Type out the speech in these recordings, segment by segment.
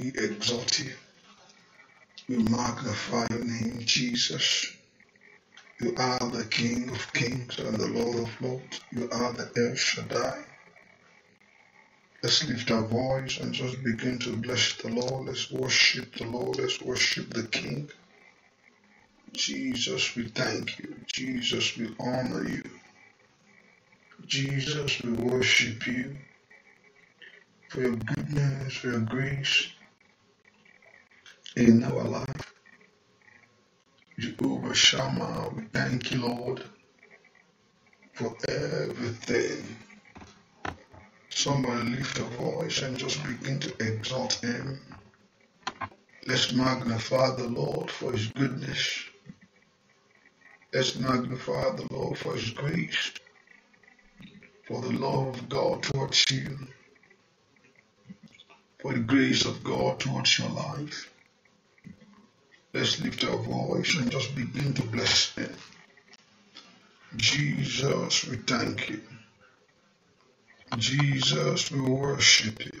we exalt you. We magnify your name, Jesus. You are the King of kings and the Lord of lords. You are the El Shaddai. Let's lift our voice and just begin to bless the Lord. Let's worship the Lord. Let's worship the King. Jesus, we thank you. Jesus, we honor you. Jesus, we worship you for your goodness, for your grace, in our life. Jehovah Shammah, we thank you, Lord, for everything. Somebody lift a voice and just begin to exalt Him. Let's magnify the Lord for His goodness. Let's magnify the Lord for His grace, for the love of God towards you, for the grace of God towards your life. Let's lift our voice and just begin to bless Him. Jesus, we thank you. Jesus, we worship you.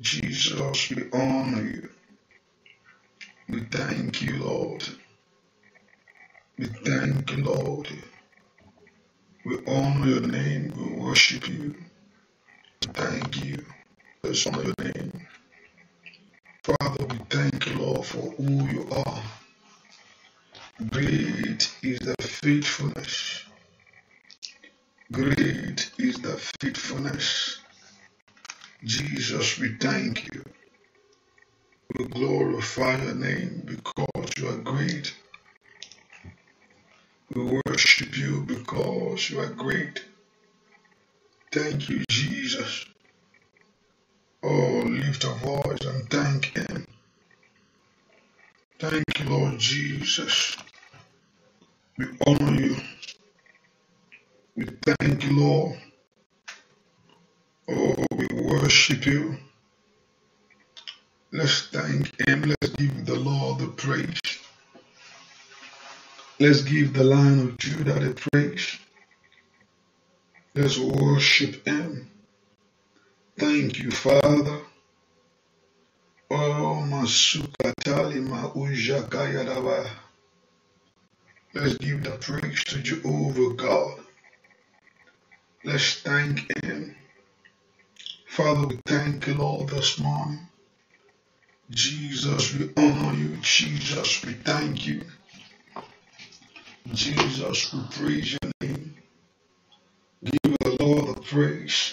Jesus, we honor you. We thank you, Lord. We thank you, Lord. We honor your name. We worship you. Thank you. Let's honor your name for who you are. Great is the faithfulness. Great is the faithfulness. Jesus, we thank you. We glorify your name because you are great. We worship you because you are great. Thank you, Jesus. Oh, lift a voice and thank Him. Thank you, Lord Jesus. We honor you. We thank you, Lord. Oh, we worship you. Let's thank Him. Let's give the Lord the praise. Let's give the Lion of Judah the praise. Let's worship Him. Thank you, Father. Oh, Masukatali Maujakayadaba. Let's give the praise to Jehovah God. Let's thank Him. Father, we thank you, Lord, this morning. Jesus, we honor you. Jesus, we thank you. Jesus, we praise your name. Give the Lord the praise.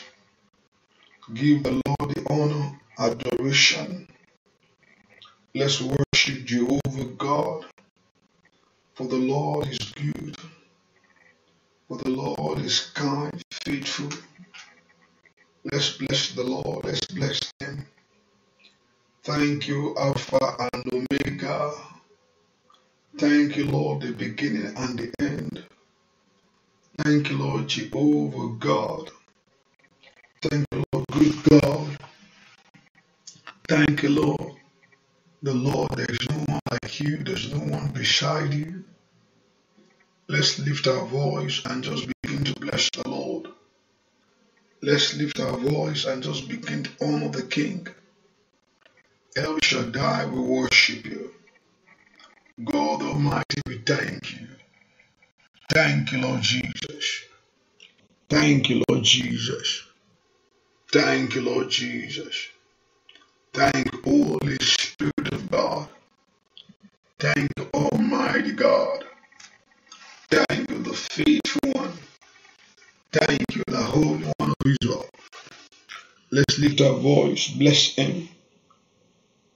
Give the Lord the honor, adoration. Let's worship Jehovah God, for the Lord is good, for the Lord is kind, faithful. Let's bless the Lord, let's bless Him. Thank you, Alpha and Omega. Thank you, Lord, the beginning and the end. Thank you, Lord Jehovah God. Thank you, Lord, good God. Thank you, Lord, the Lord, there's no one like you, there's no one beside you. Let's lift our voice and just begin to bless the Lord. Let's lift our voice and just begin to honor the King. El Shaddai, we worship you. God Almighty, we thank you. Thank you, Lord Jesus. Thank you, Lord Jesus. Thank you, Lord Jesus. on Let's lift our voice, bless Him.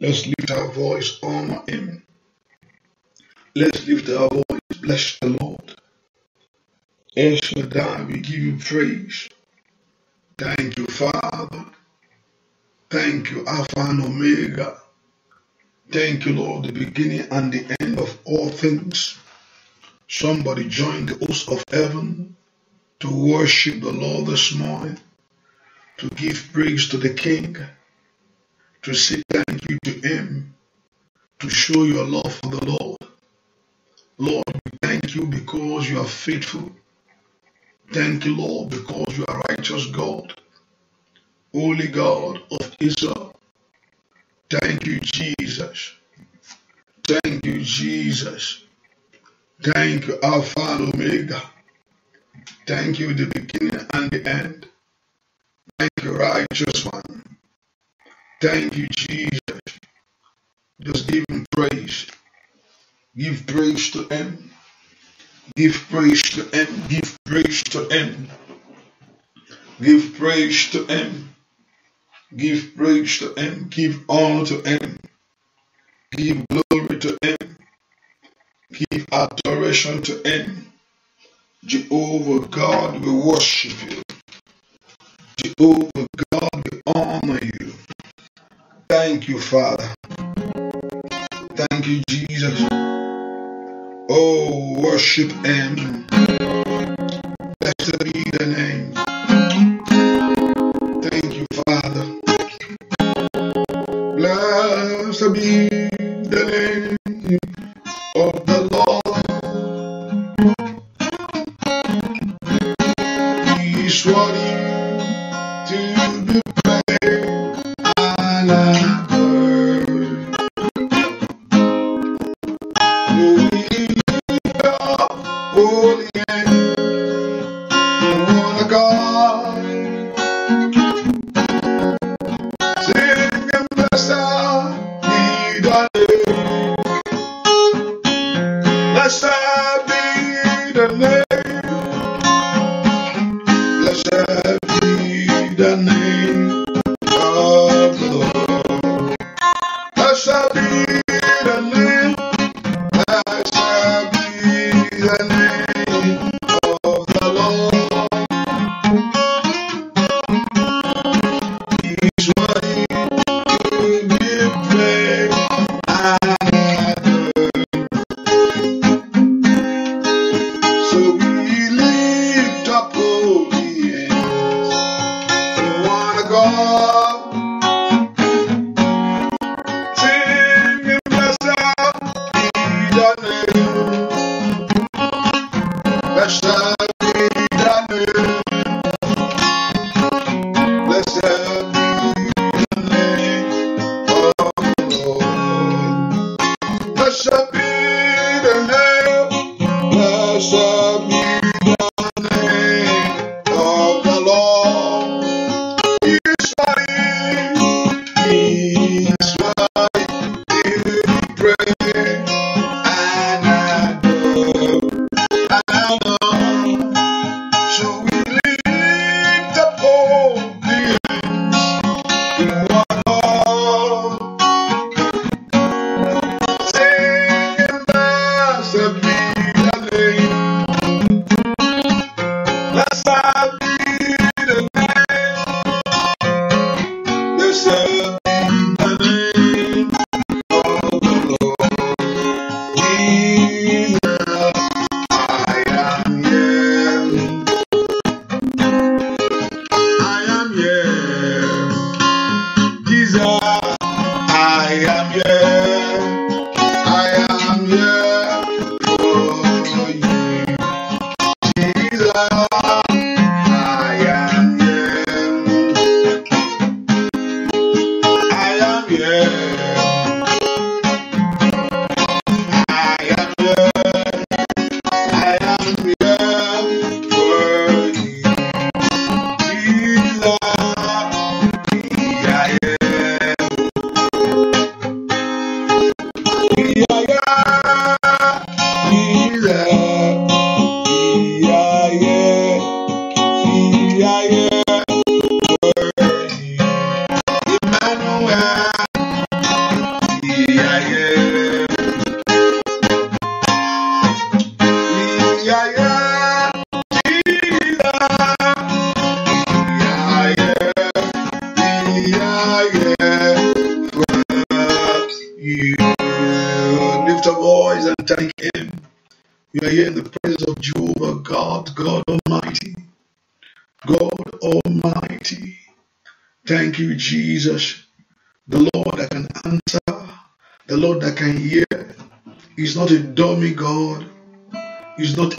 Let's lift our voice, honor Him. Let's lift our voice, bless the Lord. El Shaddai, we give you praise. Thank you, Father. Thank you, Alpha and Omega. Thank you, Lord, the beginning and the end of all things. Somebody join the host of heaven to worship the Lord this morning, to give praise to the King, to say thank you to Him, to show your love for the Lord. Lord, we thank you because you are faithful. Thank you, Lord, because you are righteous God, Holy God of Israel. Thank you, Jesus. Thank you, Jesus. Thank you, Alpha and Omega. Thank you, the beginning and the end. Thank you, righteous one. Thank you, Jesus. Just give him praise. Give praise to him. Give praise to him. Give praise to him. Give praise to him. Give praise to him. Give honor to him. Give glory to him. Give adoration to him. Jehovah God, we worship you. Jehovah God, we honor you. Thank you, Father. Thank you, Jesus. Oh, worship Him. Blessed be the name. Thank you, Father. Blessed be the name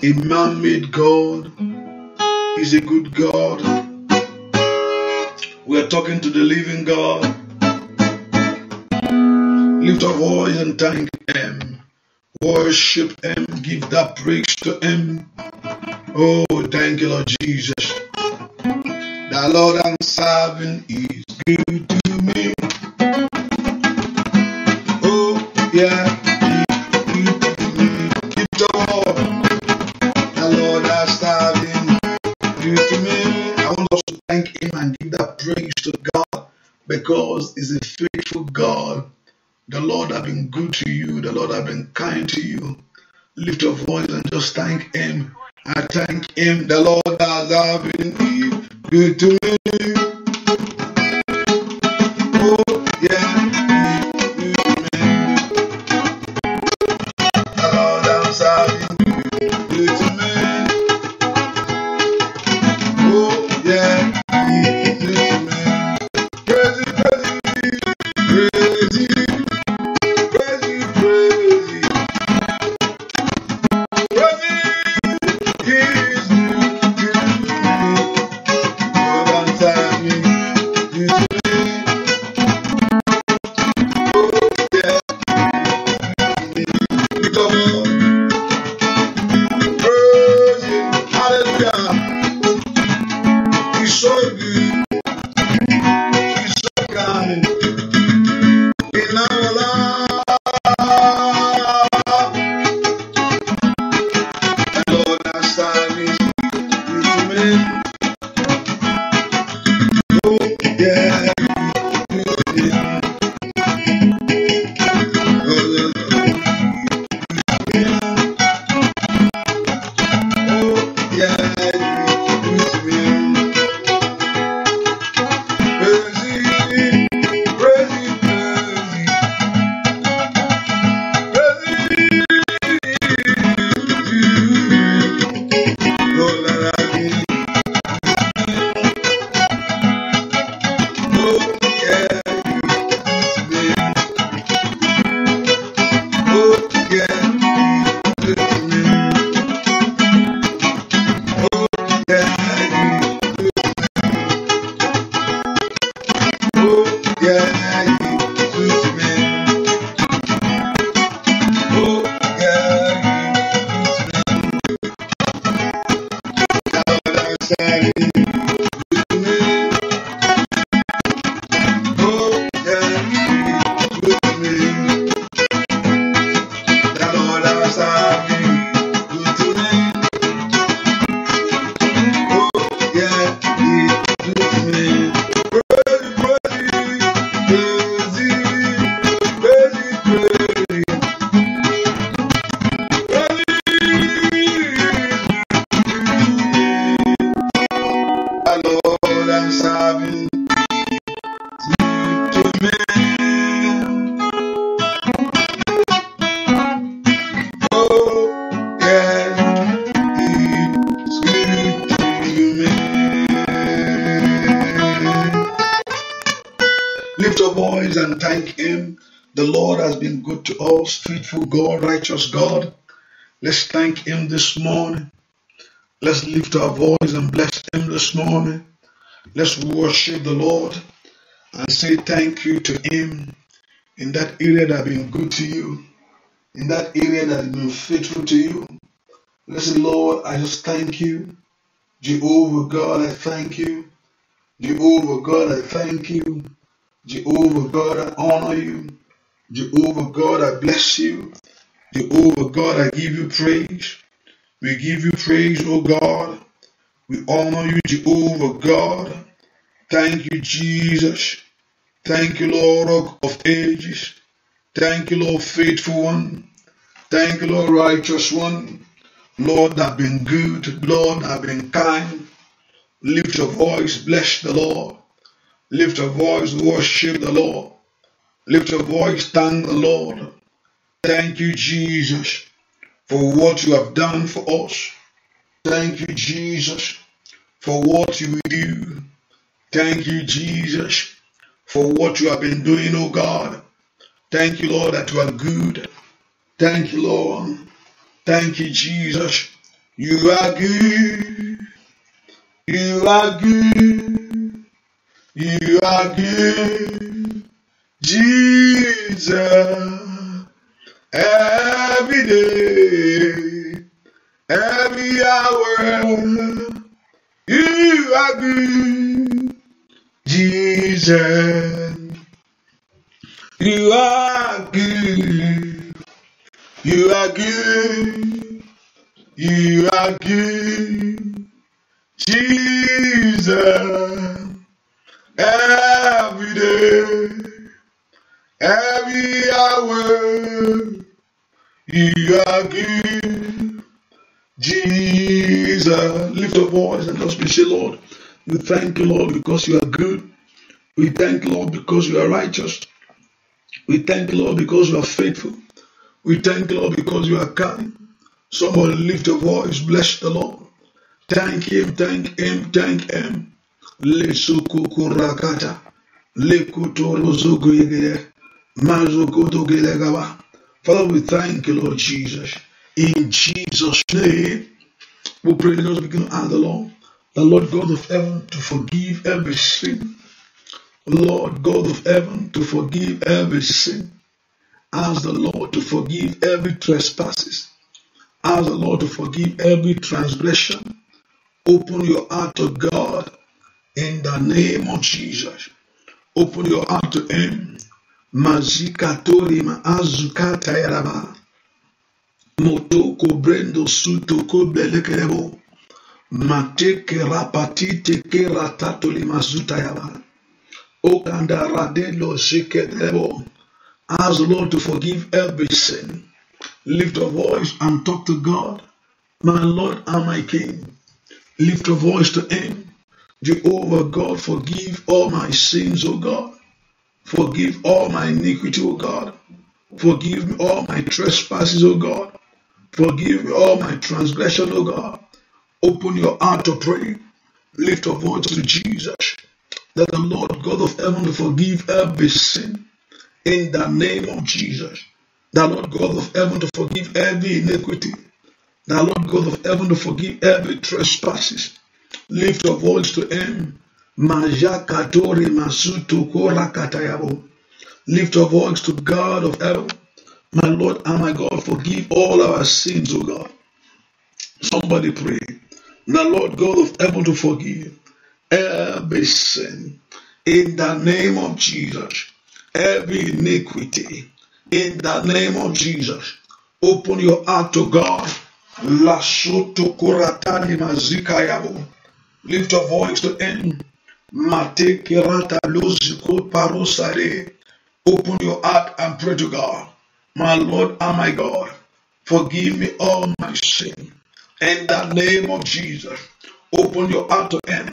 A man made God is a good God. We are talking to the living God. Lift up voice and thank Him. Worship Him. Give that praise to Him. Oh, thank you, Lord Jesus. The Lord I'm serving is good. Lord have been good to you. The Lord have been kind to you. Lift your voice and just thank Him. I thank Him, the Lord, has been good to me. faithful God, righteous God. Let's thank Him this morning. Let's lift our voice and bless Him this morning. Let's worship the Lord and say thank you to Him in that area that has been good to you, in that area that has been faithful to you. Let's say, Lord, I just thank you. Jehovah God, I thank you. Jehovah God, I thank you. Jehovah God, I honor you. Jehovah God, I bless you. Jehovah God, I give you praise. We give you praise, O God. We honor you, Jehovah God. Thank you, Jesus. Thank you, Lord of Ages. Thank you, Lord Faithful One. Thank you, Lord Righteous One. Lord, I've been good. Lord, I've been kind. Lift your voice, bless the Lord. Lift your voice, worship the Lord. Lift your voice, thank the Lord. Thank you, Jesus, for what you have done for us. Thank you, Jesus, for what you do. Thank you, Jesus, for what you have been doing, oh God. Thank you, Lord, that you are good. Thank you, Lord. Thank you, Jesus. You are good. You are good. You are good. Jesus every day, every hour. You are good, Jesus. You are good. You are good. You are good, Jesus. Every day. Every hour you are good. Jesus, lift your voice and just say, Lord, we thank you, Lord, because you are good. We thank you, Lord, because you are righteous. We thank you, Lord, because you are faithful. We thank you, Lord, because you are kind. Someone lift your voice, bless the Lord. Thank him, thank him, thank him. Le sukukurakata. Le kutorozugu Father, we thank you, Lord Jesus. In Jesus' name, we pray that us begin to ask the Lord, the Lord God of heaven, to forgive every sin. Lord God of heaven, to forgive every sin. Ask the Lord to forgive every trespasses. Ask the Lord to forgive every transgression. Open your heart to God in the name of Jesus. Open your heart to Him Majikatolima azukata yaraba. Motoko brendo sutoko belekerebo. Mateke rapati teke ratatolima zuta yaba. Okanda radelo sheketerebo. Ask the Lord to forgive every sin. Lift your voice and talk to God. My Lord and my King. Lift your voice to Him. Jehovah God, forgive all my sins, O God. Forgive all my iniquity, O God. Forgive me all my trespasses, O God. Forgive me all my transgression, O God. Open your heart to pray. Lift your voice to Jesus. That the Lord God of heaven will forgive every sin. In the name of Jesus. The Lord God of heaven to forgive every iniquity. The Lord God of heaven to forgive every trespasses. Lift your voice to him Majakatori Masutu Kora Katayabo. Lift your voice to God of heaven. My Lord and my God, forgive all our sins, O God. Somebody pray. Now, Lord God of heaven, to forgive every sin in the name of Jesus, every iniquity in the name of Jesus. Open your heart to God. Lift your voice to Him. Mate kirata luzuko parosare. Open your heart and pray to God. My Lord and my God, forgive me all my sin. In the name of Jesus, open your heart to Him.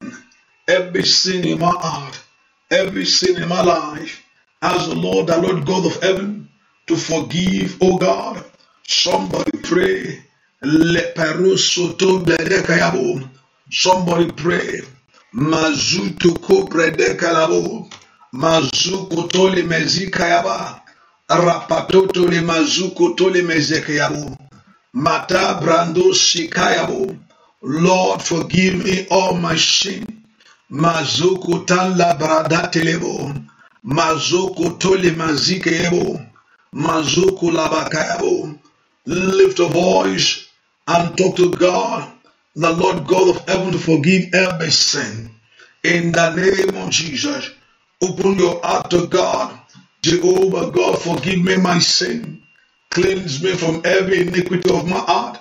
Every sin in my heart, every sin in my life, ask the Lord, the Lord God of heaven, to forgive, oh God. Somebody pray. Somebody pray. Mazutu kobrede kalabo. Mazuko tole mezika yaba. Rapatoto le mazuko tole mezeke yabo. Mata brando sikayabo. Lord, forgive me all my sin. Mazuko tan la brada telebo. Mazuko tole mazike yabo. Mazuko labakayabo. Lift a voice and talk to God the Lord God of heaven to forgive every sin. In the name of Jesus, open your heart to God. Jehovah God, forgive me my sin. Cleanse me from every iniquity of my heart.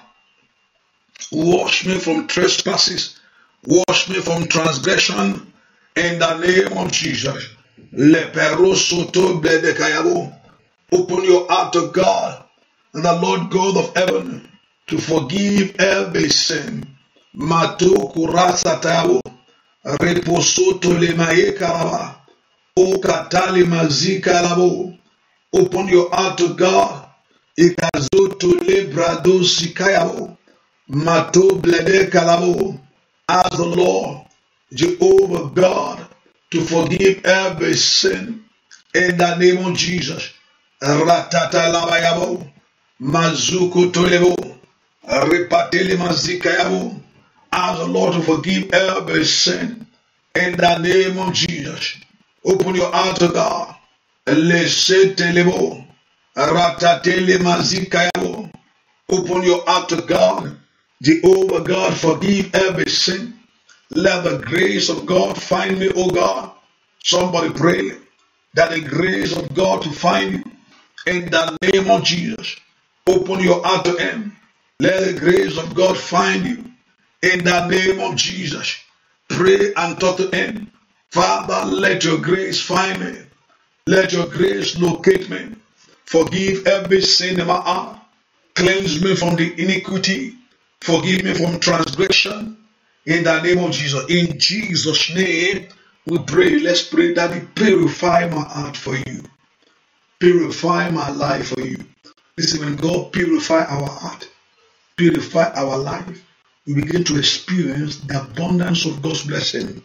Wash me from trespasses. Wash me from transgression. In the name of Jesus. Open your heart to God, and the Lord God of heaven, to forgive every sin. mato kurasa tabo reposoto le maekaraba okatale mazika labo open your heart to God ikazoto le brado sikayabo mato blede kalabo as the Lord Jehovah God to forgive every sin in the name of Jesus ratata labayabo mazuko tolebo repatele mazika yabo Ask the Lord to forgive every sin in the name of Jesus. Open your heart to God. Lesetelebo. Ratatele mazikayabo. Open your heart to God. Jehovah God, forgive every sin. Let the grace of God find me, O God. Somebody pray that the grace of God to find you in the name of Jesus. Open your heart to Him. Let the grace of God find you in the name of Jesus, pray and talk to Him. Father, let your grace find me. Let your grace locate me. Forgive every sin in my heart. Cleanse me from the iniquity. Forgive me from transgression. In the name of Jesus. In Jesus' name, we pray. Let's pray that He purify my heart for you. Purify my life for you. Listen, when God purify our heart. Purify our life you begin to experience the abundance of God's blessing.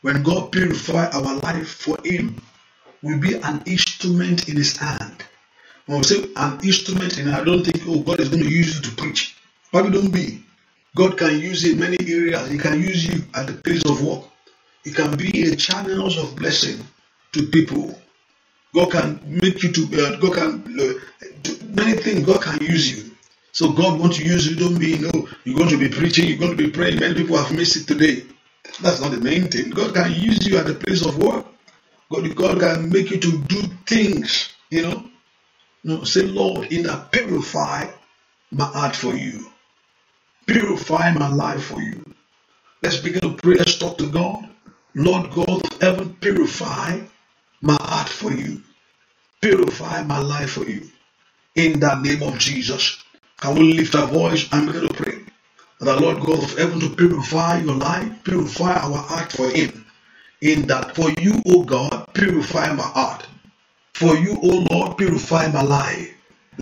When God purifies our life for Him, we will be an instrument in His hand. When we say an instrument, and I don't think, oh, God is going to use you to preach. Probably don't be. God can use you in many areas. He can use you at the place of work. He can be a channel of blessing to people. God can make you to uh, God can uh, do many things. God can use you. So God wants to use you. Don't be, you you're going to be preaching, you're going to be praying. Many people have missed it today. That's not the main thing. God can use you at the place of work. God, God can make you to do things, you know. no. say, Lord, in that purify my heart for you. Purify my life for you. Let's begin to pray. Let's talk to God. Lord God of heaven, purify my heart for you. Purify my life for you. In the name of Jesus. Can we lift our voice and begin to pray? The Lord God of heaven to purify your life, purify our heart for Him. In that, for you, O God, purify my heart. For you, O Lord, purify my life.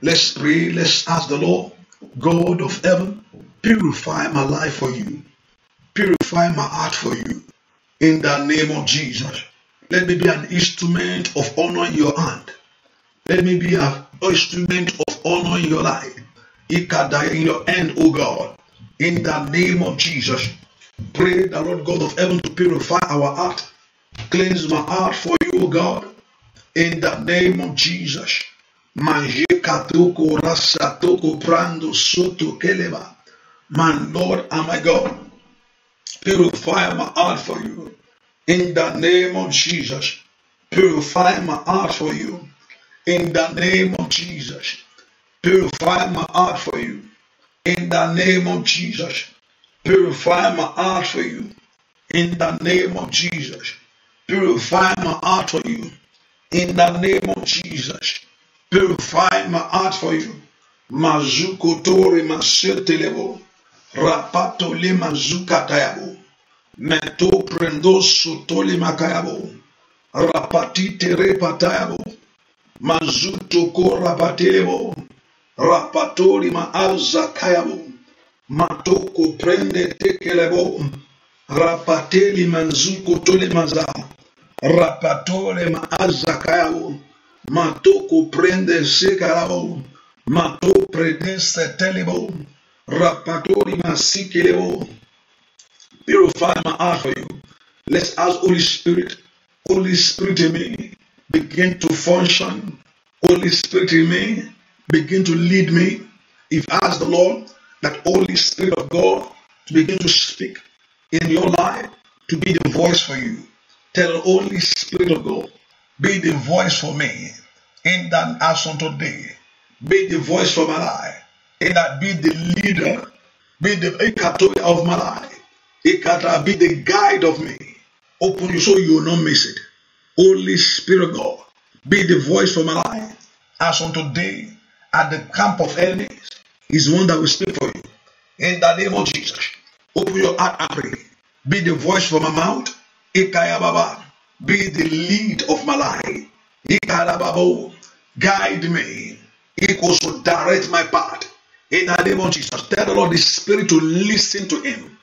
Let's pray, let's ask the Lord, God of heaven, purify my life for you. Purify my heart for you. In the name of Jesus, let me be an instrument of honor in your hand. Let me be an instrument of honor in your life in your end, O God, in the name of Jesus. Pray the Lord God of heaven to purify our heart, cleanse my heart for you, O God, in the name of Jesus. Manje katoko rasatoko prando soto keleba. My Lord and my God, purify my heart for you. In the name of Jesus, purify my heart for you. In the name of Jesus. Purify my heart for you. In the name of Jesus. Purify my heart for you. In the name of Jesus. Purify my heart for you. In the name of Jesus. Purify my heart for you. Mazukotori masetelebo. Rapato le mazukatayabo. Meto prendo sotoli makayabo. rapati Rapatite repatayabo. Mazuto rapatelebo. rapatori maalza kayabo matoko prende tekelebo rapateli manzuko tole maza rapatole maalza kayabo matoko prende sekalabo mato prende setelebo rapatori ma sikelebo purify my heart for you let's ask holy spirit holy spirit in me begin to function holy spirit in me begin to lead me. If ask the Lord, that Holy Spirit of God to begin to speak in your life, to be the voice for you. Tell Holy Spirit of God, be the voice for me in that as on today. Be the voice for my life. In that be the leader, be the ekatoya of my life. Ekata be the guide of me. Open you so you will not miss it. Holy Spirit of God, be the voice for my life. As on today, at the camp of enemies is one that will speak for you. In the name of Jesus, open your heart and pray. Be the voice from my mouth. Ikayababa. Be the lead of my life. Ikayababo. Guide me. Ikoso direct my path. In the name of Jesus, tell the Lord the Spirit to listen to Him.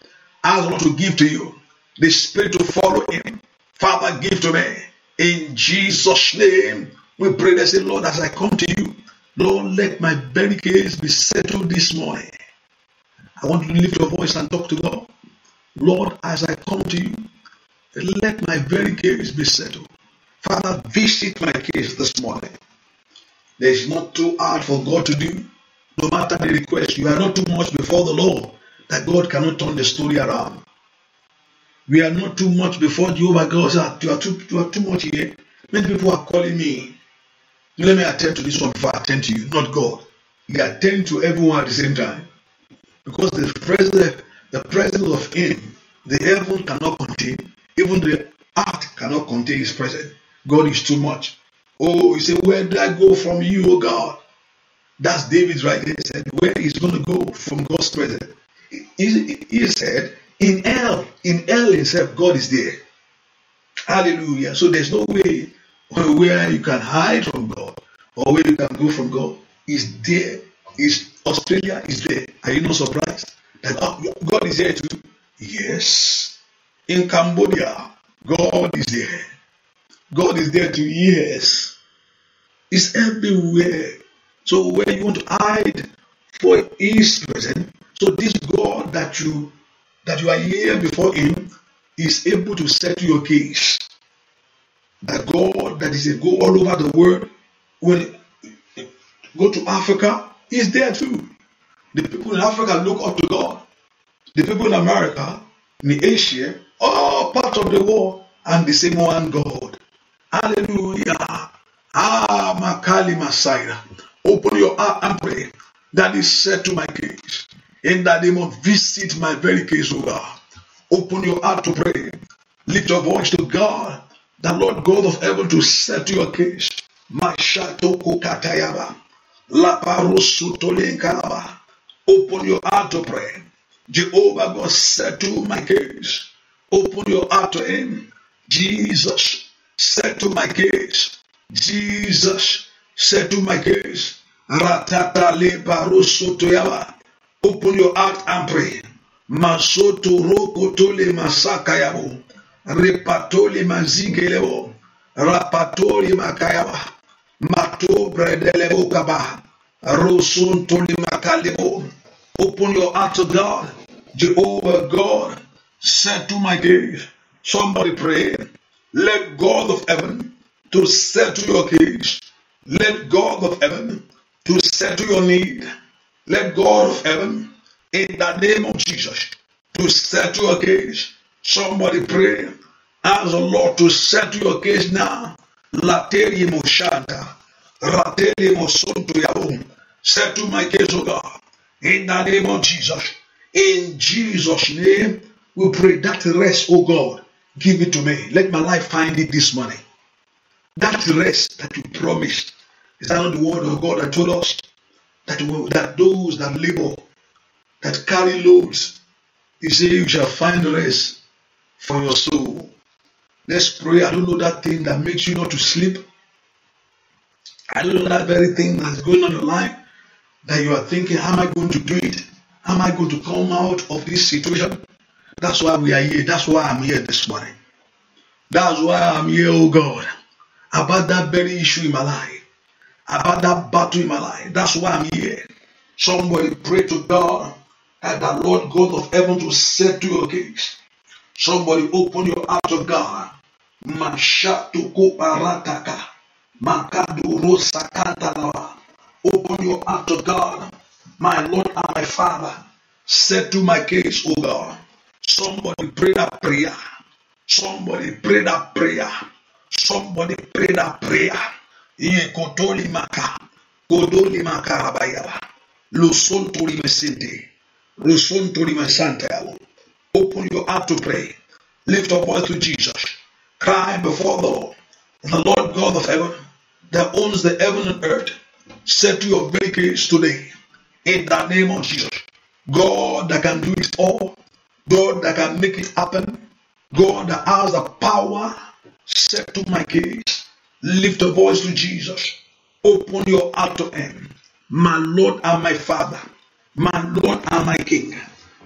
Ask Lord to give to you. The Spirit to follow Him. Father, give to me. In Jesus' name, we pray. They say, Lord, as I come to you, Lord, let my very case be settled this morning. I want you to lift your voice and talk to God. Lord, as I come to you, let my very case be settled. Father, visit my case this morning. There is not too hard for God to do. No matter the request, you are not too much before the Lord that God cannot turn the story around. We are not too much before Jehovah God. You are too, you are too much here. Many people are calling me let me attend to this one before I attend to you, not God. He attend to everyone at the same time. Because the presence, the presence of Him, the heaven cannot contain, even the earth cannot contain His presence. God is too much. Oh, you say, Where did I go from you, oh God? That's David's right there. He said, Where is going to go from God's presence? He, he said, In hell, in hell itself, God is there. Hallelujah. So there's no way where you can hide from God or where you can go from God is there. Is Australia is there. Are you not surprised that oh, God is there too? Yes. In Cambodia, God is there. God is there too. Yes. It's everywhere. So where you want to hide for his presence, so this God that you that you are here before him is able to settle your case a God that is a go all over the world, when go to Africa, He's there too. The people in Africa look up to God. The people in America, in Asia, all parts of the world, and the same one God. Hallelujah. Ah, Makali Masaira. Open your heart and pray. That is said to my case. In that name of visit my very case, O God. Open your heart to pray. Lift your voice to God the Lord God of heaven to set you a case. Mashatoko katayaba. Laparusutolinkalaba. Open your heart to pray. Jehovah God settle my case. Open your heart to him. Jesus settle my case. Jesus settle my case. Ratata leparusutoyaba. Open your heart and pray. Masoto roko tole yabo repatoli mazigelebo rapatoli makayaba mato bredelebo kaba makalebo open your heart to God Jehovah God said to my case somebody pray let God of heaven to settle your case let God of heaven to settle your need let God of heaven in the name of Jesus to settle your case Somebody pray. Ask the Lord to settle your case now. Lateri Moshanta. Rateli Mosonto Yahum. Settle my case, O God. In the name of Jesus. In Jesus' name, we pray that rest, O God, give it to me. Let my life find it this morning. That rest that you promised. Is that not the word of God that told us? That, that those that labor, that carry loads, he said, You shall find rest for your soul. Let's pray. I don't know that thing that makes you not to sleep. I don't know that very thing that's going on in your life that you are thinking, how am I going to do it? How am I going to come out of this situation? That's why we are here. That's why I'm here this morning. That's why I'm here, oh God, about that very issue in my life, about that battle in my life. That's why I'm here. Somebody pray to God and the Lord God of heaven to set to your case. Somebody open your heart to God. Mashatuko parataka. Makaduro sakatalawa. Open your heart to God. My Lord and my Father. Set to my case, O God. Somebody pray that prayer. Somebody pray that prayer. Somebody pray that prayer. Ikotoli maka. Kodoli maka abayaba. Luson tuli mesente. Luson tuli mesante yabo. Open your heart to pray. Lift your voice to Jesus. Cry before the Lord. And the Lord God of heaven, that owns the heaven and earth, set your case today in the name of Jesus. God that can do it all, God that can make it happen, God that has the power, set to my case. Lift a voice to Jesus. Open your heart to Him. My Lord and my Father, my Lord and my King.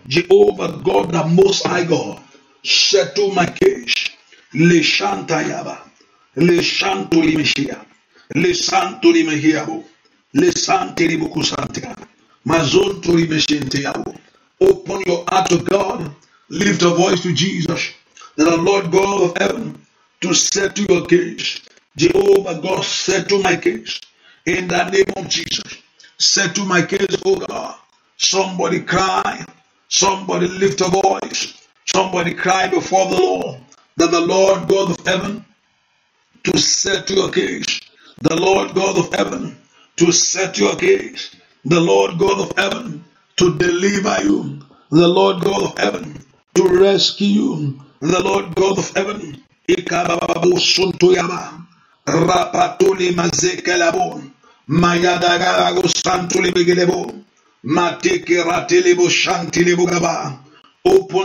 Jehovah God, the Most High God, said to my case, Leshantayaba, Leshantulimeshia, Lesantulimehiabo, Lesantilibukusantia, Mazontulimeshentiabo. Open your heart to God, lift a voice to Jesus, that the Lord God of heaven to set to your case. Jehovah God, set to my case. In the name of Jesus, set to my case, oh God. Somebody cry, Somebody lift a voice. Somebody cry before the Lord that the Lord God of heaven to set your case. The Lord God of heaven to set your case. The Lord God of heaven to deliver you. The Lord God of heaven to rescue you. The Lord God of heaven. Rapatuli mazekelabo. Mayadagarago santuli begelebo. Open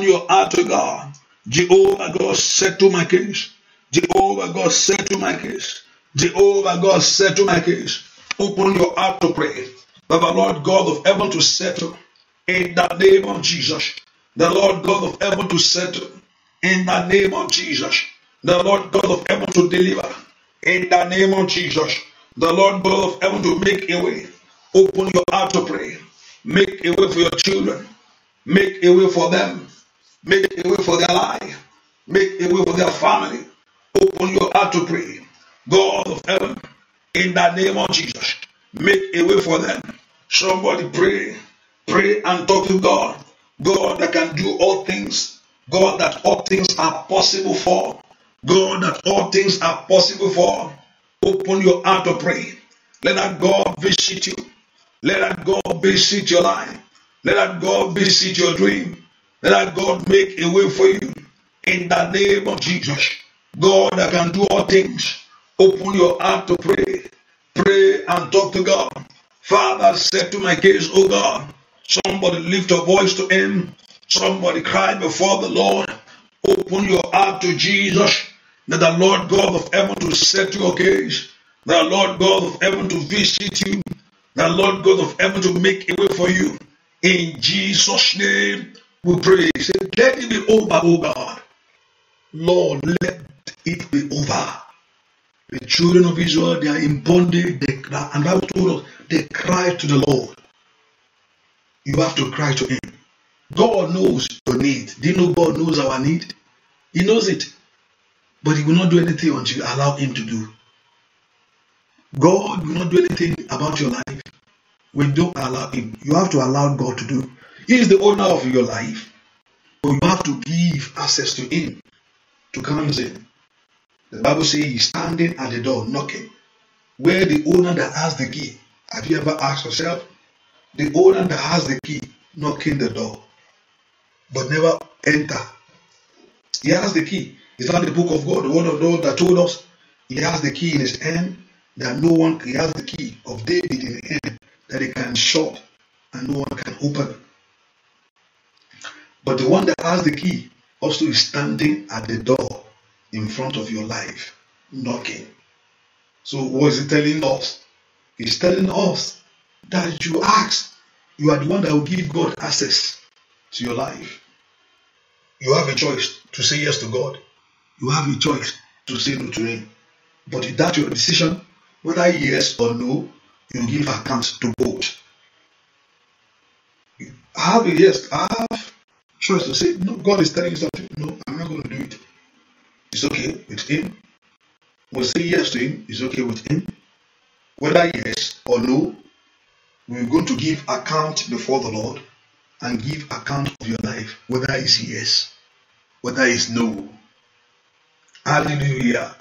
your heart to God. Jehovah God said to my case. Jehovah God said to my case. Jehovah God said to my case. Open your heart to pray. But the Lord God of heaven to settle. In the name of Jesus. The Lord God of heaven to settle. In the name of Jesus. The Lord God of heaven to deliver. In the name of Jesus. The Lord God of heaven to make a way. Open your heart to pray. Make a way for your children. Make a way for them. Make a way for their life. Make a way for their family. Open your heart to pray. God of heaven, in the name of Jesus, make a way for them. Somebody pray. Pray and talk to God. God that can do all things. God that all things are possible for. God that all things are possible for. Open your heart to pray. Let that God visit you. Let that God visit your life. Let that God visit your dream. Let that God make a way for you. In the name of Jesus, God that can do all things. Open your heart to pray. Pray and talk to God. Father, said to my case, oh God. Somebody lift your voice to Him. Somebody cry before the Lord. Open your heart to Jesus. That the Lord God of heaven to set your case. That the Lord God of heaven to visit you. The Lord God of heaven to make a way for you. In Jesus' name we pray. Say, let it be over, O God. Lord, let it be over. The children of Israel, they are in bondage. They, and Bible told us, they cry to the Lord. You have to cry to Him. God knows your need. Do you know God knows our need? He knows it. But He will not do anything until you allow Him to do. God will not do anything about your life when you don't allow Him. You have to allow God to do. He is the owner of your life, but you have to give access to Him to come in. The Bible says He's standing at the door knocking. Where the owner that has the key. Have you ever asked yourself? The owner that has the key knocking the door, but never enter. He has the key. It's not the book of God, the word of God that told us he has the key in his hand that no one has the key of David in him that he can shut and no one can open. But the one that has the key also is standing at the door in front of your life, knocking. So what is he telling us? He's telling us that you ask, you are the one that will give God access to your life. You have a choice to say yes to God. You have a choice to say no to Him. But that's your decision whether yes or no, you give account to both. I have a yes, I have choice to say, no, God is telling you something. No, I'm not going to do it. It's okay with Him. We'll say yes to Him. It's okay with Him. Whether yes or no, we're going to give account before the Lord and give account of your life, whether it's yes, whether it's no. Hallelujah.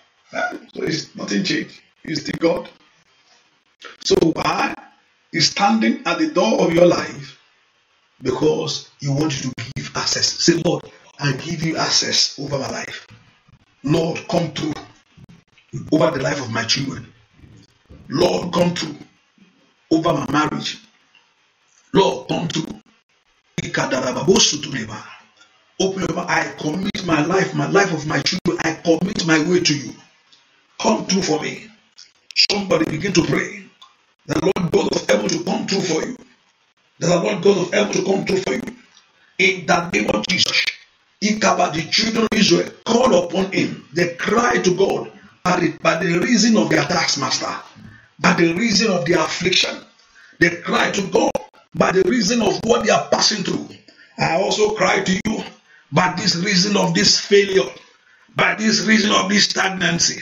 So it's nothing changed. Is the God. So why is standing at the door of your life? Because he wants you to give access. Say, Lord, I give you access over my life. Lord, come through over the life of my children. Lord, come through over my marriage. Lord, come through. Open your I commit my life, my life of my children. I commit my way to you. Come through for me. Somebody begin to pray. The Lord God of heaven to come through for you. The Lord God of heaven to come through for you. In the name of Jesus. He covered the children of Israel. Call upon him. They cry to God by the, by the reason of their taskmaster, by the reason of their affliction. They cry to God by the reason of what they are passing through. I also cry to you by this reason of this failure, by this reason of this stagnancy,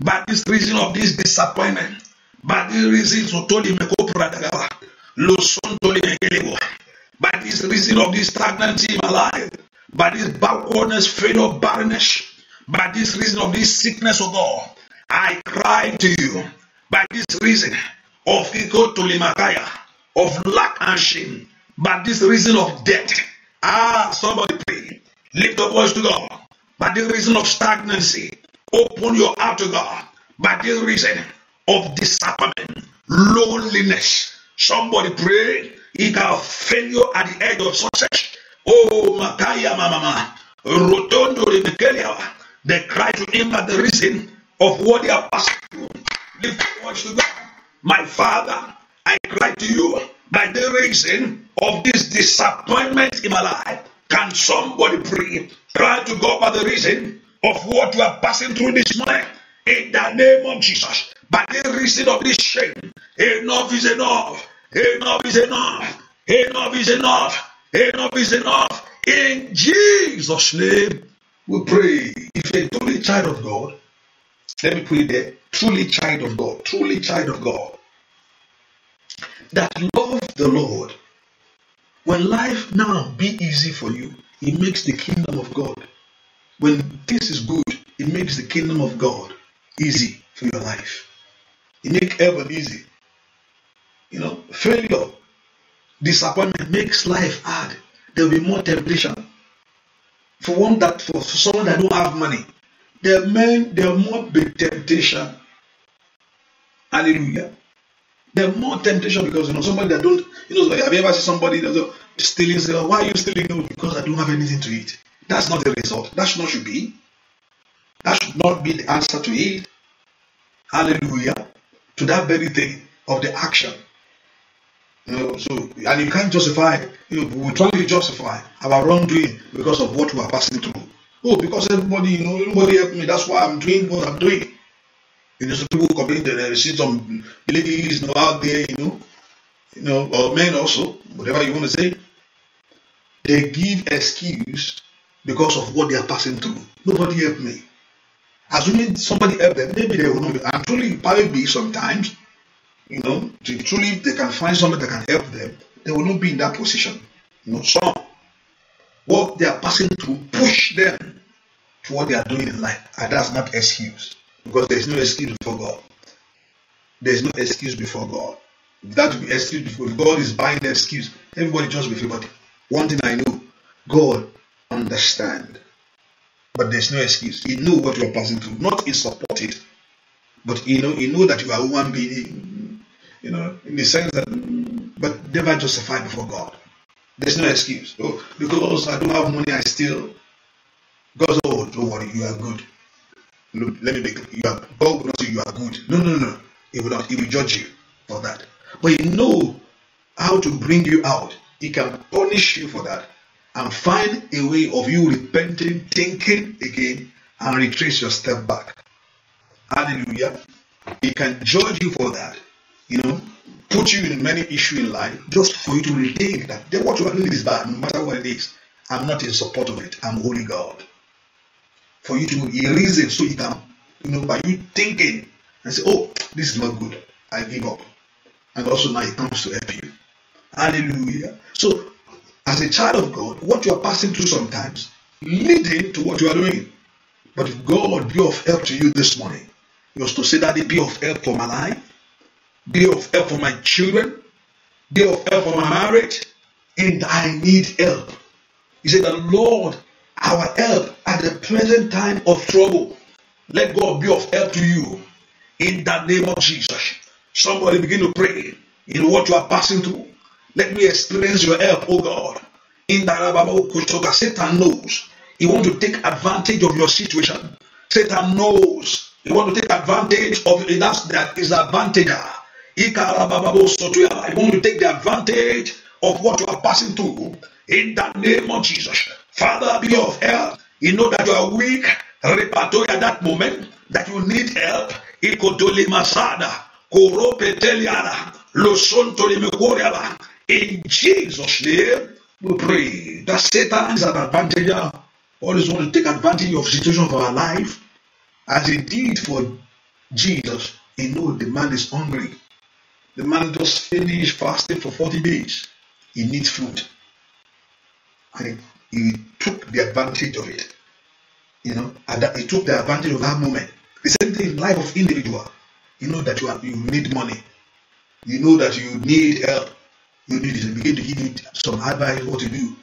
by this reason of this disappointment, by this reason to sotolimeko pradagawa, losontolimekelewa, by this reason of this stagnancy in my life, by this backwardness, failure, barrenness, by this reason of this sickness, of all, I cry to you. By this reason of ego tolimakaya, of lack and shame, by this reason of debt, ah, somebody pray, lift up voice to God. By the reason of stagnancy, Open your heart to God by this reason of disappointment, loneliness. Somebody pray, it can fail you at the edge of success. Oh, Makaya Mama, Rotondo Rebekeliawa, they cry to him at the reason of what they are passing through. Lift your voice to God. My Father, I cry to you by the reason of this disappointment in my life. Can somebody pray? Cry to God by the reason of what you are passing through this morning in the name of Jesus. By the reason of this shame, enough is enough. Enough is enough. Enough is enough. Enough is enough. In Jesus' name, we pray. If you're truly child of God, let me put it there. Truly child of God. Truly child of God. That love the Lord. When life now be easy for you, it makes the kingdom of God when this is good, it makes the kingdom of God easy for your life. It makes heaven easy. You know, failure, disappointment makes life hard. There'll be more temptation. For one that for someone that don't have money, there men there more be temptation. Hallelujah. There more temptation because you know somebody that don't you know have you ever seen somebody that's stealing say, oh, why are you stealing? No, because I don't have anything to eat. That's not the result. That should not should be. That should not be the answer to it. Hallelujah. To that very thing of the action. You know, so and you can't justify. You know, we try to justify our wrongdoing because of what we are passing through. Oh, because everybody, you know, everybody helped me. That's why I'm doing what I'm doing. You know, some people complain that they see some ladies you know, out there, you know, you know, or men also, whatever you want to say. They give excuse because of what they are passing through. Nobody helped me. Assuming somebody helped them, maybe they will know me. And truly, it probably be sometimes, you know, truly if they can find somebody that can help them, they will not be in that position. You know, some what they are passing through push them to what they are doing in life, and that's not excuse because there is no excuse before God. There is no excuse before God. That will be excuse before God is buying the excuse. Everybody just with everybody. One thing I know, God understand. But there's no excuse. He knew what you are passing through. Not he supported, but he know he know that you are one being. You know, in the sense that, but never justified before God. There's no excuse. Oh, because I don't have money, I still. God, oh, don't worry, you are good. Look, let me make you are God will not say you are good. No, no, no. He will not. He will judge you for that. But he know how to bring you out. He can punish you for that and find a way of you repenting, thinking again, and retrace your step back. Hallelujah. He can judge you for that. You know, put you in many issue in life just for you to rethink that what you are doing is bad, no matter what it is. I'm not in support of it. I'm holy God. For you to erase it so you can, you know, by you thinking and say, oh, this is not good. I give up. And also now it comes to help you. Hallelujah. So as a child of God, what you are passing through sometimes leading to what you are doing. But if God be of help to you this morning, you are to say, Daddy, be of help for my life, be of help for my children, be of help for my marriage, and I need help. He said, The Lord, our help at the present time of trouble. Let God be of help to you in the name of Jesus. Somebody begin to pray in what you are passing through. Let me experience your help, oh God. In the Satan knows. He wants to take advantage of your situation. Satan knows. He wants to take advantage of that's that is advantager. He wants to take the advantage of what you are passing through. In the name of Jesus. Father, be of help. You know that you are weak. Repatoya, at that moment that you need help. Ikodole masada. Koropeteliana. Losonto limekoriaba. In Jesus' name, we pray that Satan is an advantage, always want to take advantage of situation of our life, as he did for Jesus. He know the man is hungry. The man just finished fasting for 40 days. He needs food. And he, he took the advantage of it. You know, and that he took the advantage of that moment. The same thing in life of individual. You know that you, are, you need money. You know that you need help. You need it. Begin to give it some advice what to do.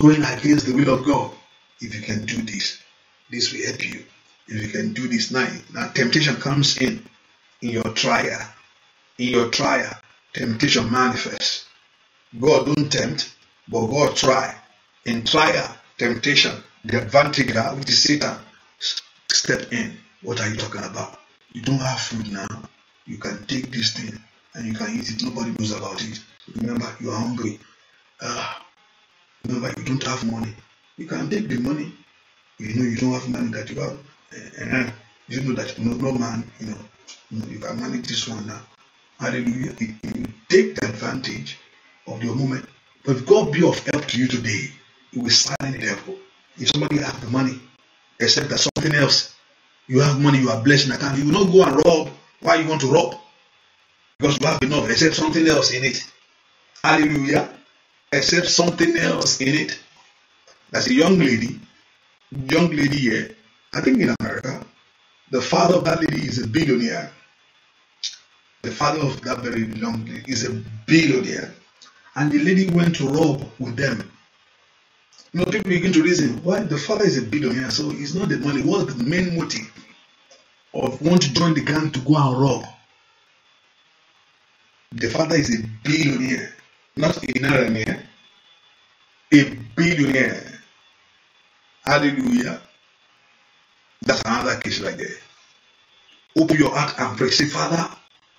Going against the will of God. If you can do this, this will help you. If you can do this now, now temptation comes in in your trial. In your trial, temptation manifests. God don't tempt, but God try. In trial, temptation, the advantage which is Satan, step in. What are you talking about? You don't have food now. You can take this thing and you can eat it. Nobody knows about it. Remember, you are hungry. Ah, remember, you don't have money. You can take the money. You know you don't have money that you have. And eh, eh, eh. you know that no, no man, you know, you know, can manage this one now. Hallelujah. You, you take the advantage of your moment. But if God be of help to you today, you will silence the devil. If somebody have the money, except that something else, you have money, you are blessed in account, you will not go and rob. Why you want to rob? Because you have enough, except something else in it. Hallelujah. Except something else in it. That's a young lady, young lady here, I think in America. The father of that lady is a billionaire. The father of that very young lady is a billionaire. And the lady went to rob with them. You know, people begin to reason why the father is a billionaire, so it's not the money. What's the main motive of want to join the gang to go and rob? The father is a billionaire not a eh? millionaire, a billionaire. Hallelujah. That's another case right there. Open your heart and pray. Say, Father,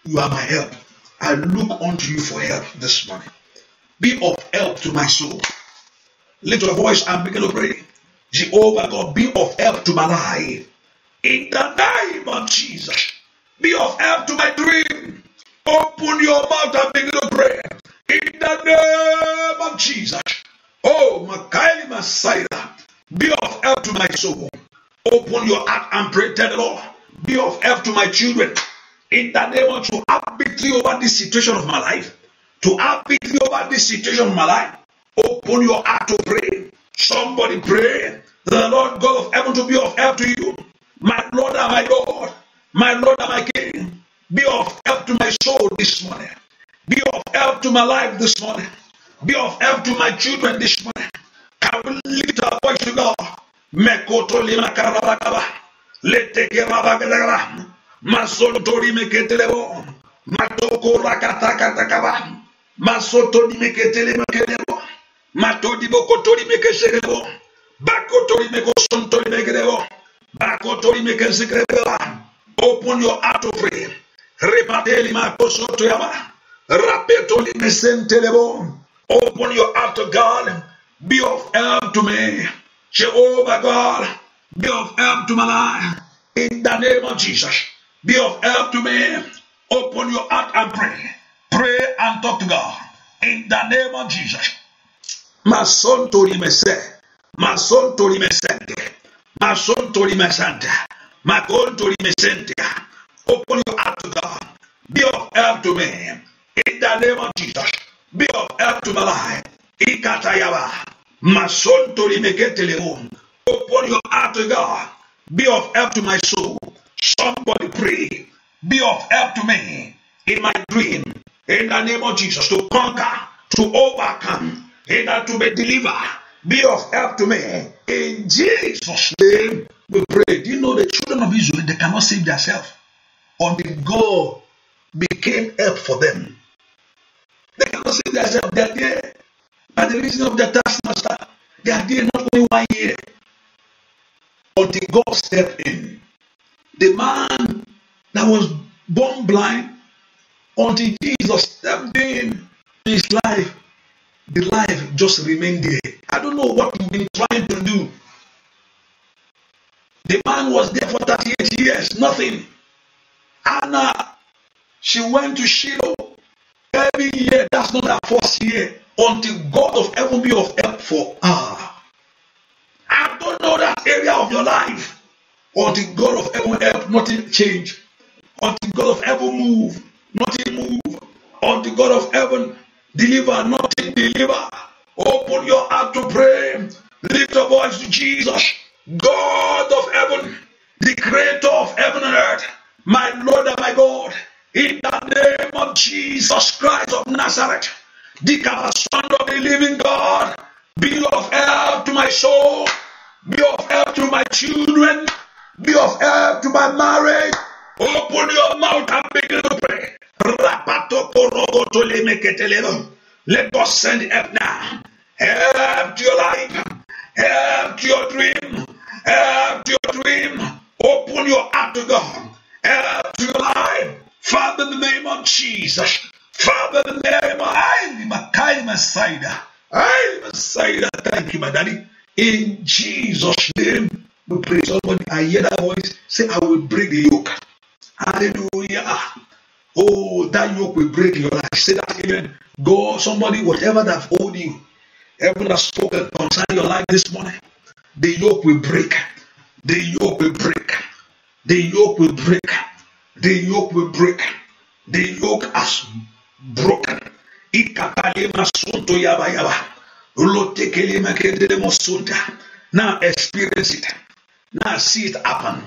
you are my help. I look unto you for help this morning. Be of help to my soul. Lift your voice and begin to pray. Jehovah God, be of help to my life. In the name of Jesus, be of help to my dream. Open your mouth and begin to pray. In the name of Jesus. Oh, Makaeli Messiah, be of help to my soul. Open your heart and pray, tell the Lord, be of help to my children. In the name of to have victory over this situation of my life. To have victory over this situation of my life. Open your heart to pray. Somebody pray. The Lord God of heaven to be of help to you. My Lord and my God. My Lord and my King. Be of help to my soul this morning. Be of help to my life this morning. Be of help to my children this morning. I will lift our voice to God? Mekoto lima karabakaba. Leteke rabagadagaba. Masotori meketelebo. Matoko rakatakatakaba. Masotori meketele mekelebo. Matodi bokotori mekesherebo. Bakotori mekosontori mekelebo. Bakotori mekesekrebo. Open your heart to pray. Repateli makosotoyaba. Open your heart to God. Be of help to me. Jehovah God, be of help to my life. In the name of Jesus, be of help to me. Open your heart and pray. Pray and talk to God. In the name of Jesus. My son told him, My son told him, My son told him, My God told him, Open your heart to God. Be of help to me. In the name of Jesus, be of help to my life. Ikatayaba. Mason to limeketeleum. Open your heart to God. Be of help to my soul. Somebody pray. Be of help to me in my dream. In the name of Jesus, to conquer, to overcome, and to be delivered. Be of help to me. In Jesus' name, we pray. Do you know the children of Israel, they cannot save themselves until God became help for them. They cannot save themselves. They are there. By the reason of the taskmaster, they are there not only one year. Until God stepped in. The man that was born blind, until Jesus stepped in his life, the life just remained there. I don't know what you've been trying to do. The man was there for 38 years, nothing. Anna, she went to Shiloh every year, that's not our first year, until God of heaven be of help for her. I don't know that area of your life. Until God of heaven help, nothing change. Until God of heaven move, nothing move. Until God of heaven deliver, nothing deliver. Open your heart to pray. Lift your voice to Jesus, God of heaven, the creator of heaven and earth, my Lord and my God. In the name of Jesus Christ of Nazareth, the Son of the living God, be of help to my soul, be of help to my children, be of help to my marriage. Open your mouth and begin to pray. Let God send help now. Help to your life. Help to your dream. Help to your dream. Open your heart to God. Help to your life. Father, in the name of Jesus. Father, in the name of I Makai Messiah. I Messiah. Thank you, my daddy. In Jesus' name, we pray. Somebody, I hear that voice. Say, I will break the yoke. Hallelujah. Oh, that yoke will break your life. Say that amen. Go, somebody, whatever that hold you, everyone has spoken concerning your life this morning, the yoke will break. The yoke will break. The yoke will break. The yoke will break. The yoke has broken. Now experience it. Now see it happen.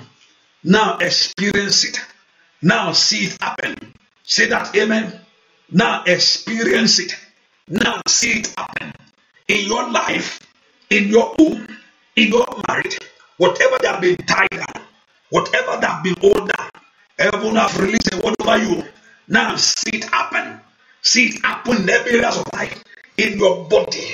Now experience it. Now see it happen. Say that, Amen. Now experience it. Now see it happen in your life, in your home, in your marriage. Whatever that has been tied whatever that has been older, Heaven have released a word over you. Now see it happen. See it happen in every area of life. In your body,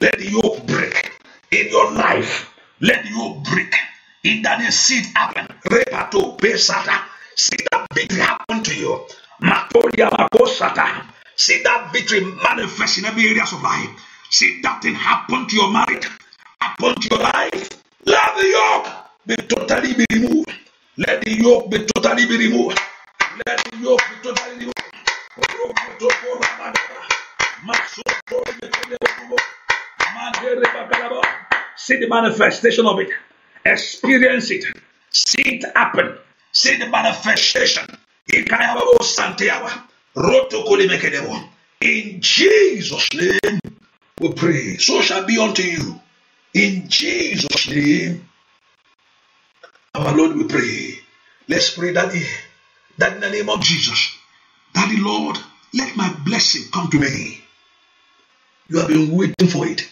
let the yoke break. In your life, let the yoke break. In that name, see it happen. Repato, pesata. See that victory happen to you. Matoria, makosata. See that victory manifest in every area of life. See that thing happen to your marriage, happen to your life. Let the yoke be totally removed. Let the yoke be totally be removed. Let the yoke be totally removed. See the manifestation of it. Experience it. See it happen. See the manifestation. In Jesus' name we pray. So shall be unto you. In Jesus' name Our Lord, we pray. Let's pray that, eh, that in the name of Jesus, that the Lord, let my blessing come to me. You have been waiting for it.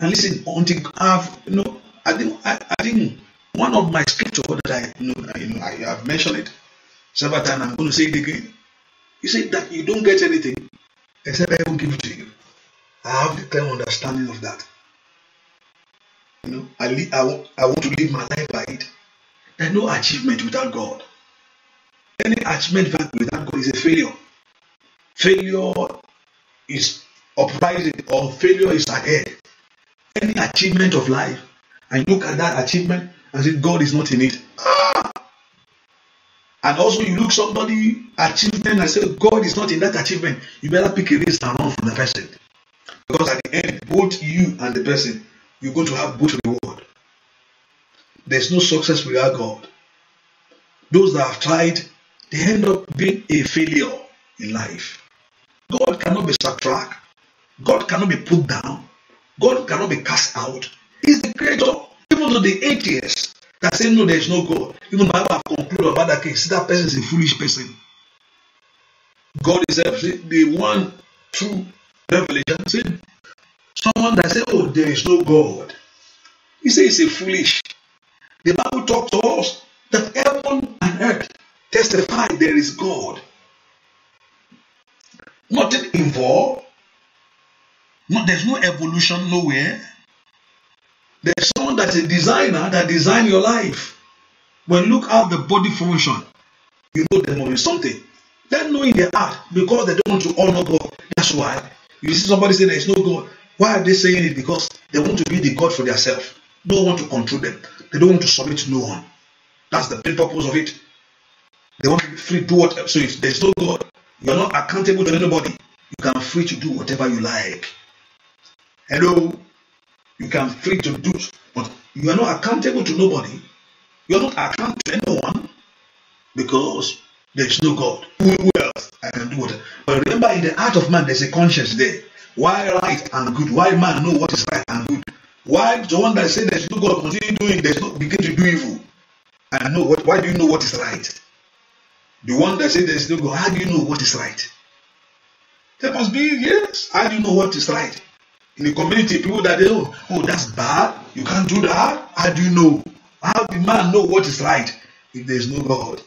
And listen, until I've, you know, I think, I, I think one of my scripture that I, you know, I, you know, I have mentioned it several times, I'm going to say it again. You said that you don't get anything except I will give it to you. I have the clear understanding of that. You know, I, I, I want to live my life by it. There's no achievement without God. Any achievement without God is a failure. Failure is uprising or failure is ahead. Any achievement of life, and look at that achievement and say, God is not in it. Ah! And also, you look somebody achievement and say, God is not in that achievement. You better pick a race and run from the person. Because at the end, both you and the person, you're going to have both reward. There's no success without God. Those that have tried, they end up being a failure in life. God cannot be subtracted. God cannot be put down. God cannot be cast out. He's the creator. Even to the atheists that say, no, there's no God. Even Bible have concluded about that case. That person is a foolish person. God is the one true revelation. See, someone that says, oh, there is no God. He says it's a foolish The Bible talks to us that heaven and earth testify there is God. Nothing involved. No, there's no evolution nowhere. There's someone that's a designer that design your life. When look at the body function, you know there must be something. Then knowing their art, because they don't want to honor God. That's why you see somebody saying there is no God. Why are they saying it? Because they want to be the God for themselves. No one to control them. They don't want to submit to no one. That's the main purpose of it. They want to be free, to do whatever. So if there's no God, you're not accountable to anybody. You can free to do whatever you like. Hello, you can free to do, but you are not accountable to nobody. You are not accountable to anyone because there is no God. Who else I can do it? But remember, in the heart of man, there's a conscience there. Why right and good? Why man know what is right and good? Why the one that said there's no God continue doing, there's no begin to do evil? And know what why do you know what is right? The one that said there's no God, how do you know what is right? There must be yes. How do you know what is right? In the community, people that they oh, oh that's bad, you can't do that. How do you know? How did man know what is right if there's no God?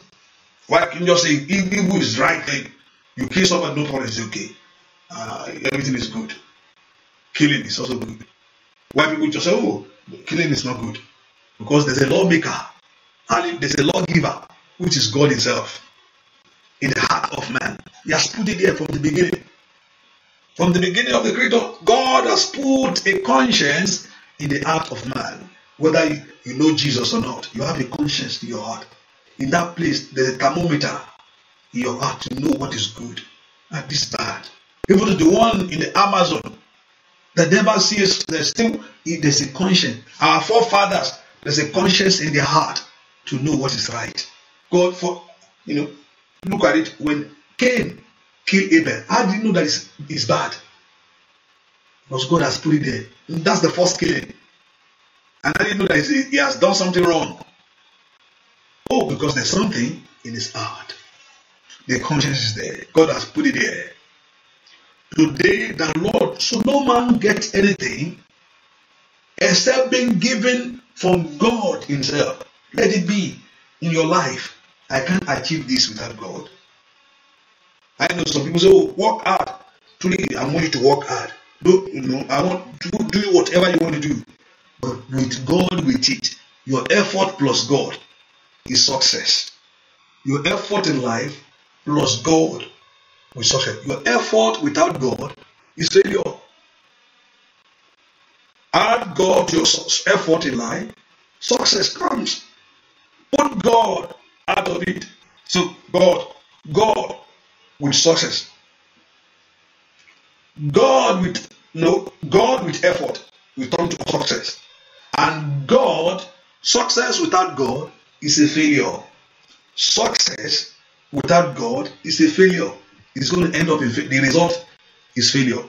Why can you just say evil is right? Like you kill someone, no problem, it's okay. Uh, everything is good. Killing is also good. Why people just say, oh, killing is not good? Because there's a lawmaker, there's a lawgiver, which is God Himself, in the heart of man. He has put it there from the beginning. From the beginning of the Creator, God has put a conscience in the heart of man. Whether you know Jesus or not, you have a conscience in your heart. In that place, there's a thermometer in your heart to know what is good and this bad. Even the one in the Amazon The devil sees there's still there's a conscience. Our forefathers, there's a conscience in their heart to know what is right. God for you know, look at it when Cain killed Abel. How did you know that is is bad? Because God has put it there. And that's the first killing. And I didn't know that he has done something wrong. Oh, because there's something in his heart. The conscience is there. God has put it there. today the Lord, so no man gets anything except being given from God Himself. Let it be in your life. I can't achieve this without God. I know some people say, oh, work hard. Truly, I want you to work hard. Do, you know, I want to do whatever you want to do. But with God with it, your effort plus God is success. Your effort in life plus God will suffer. Your effort without God is failure. Add God to your effort in life, success comes. Put God out of it. So God, God with success. God with no God with effort will turn to success. And God, success without God is a failure. Success without God is a failure it's going to end up in the result is failure.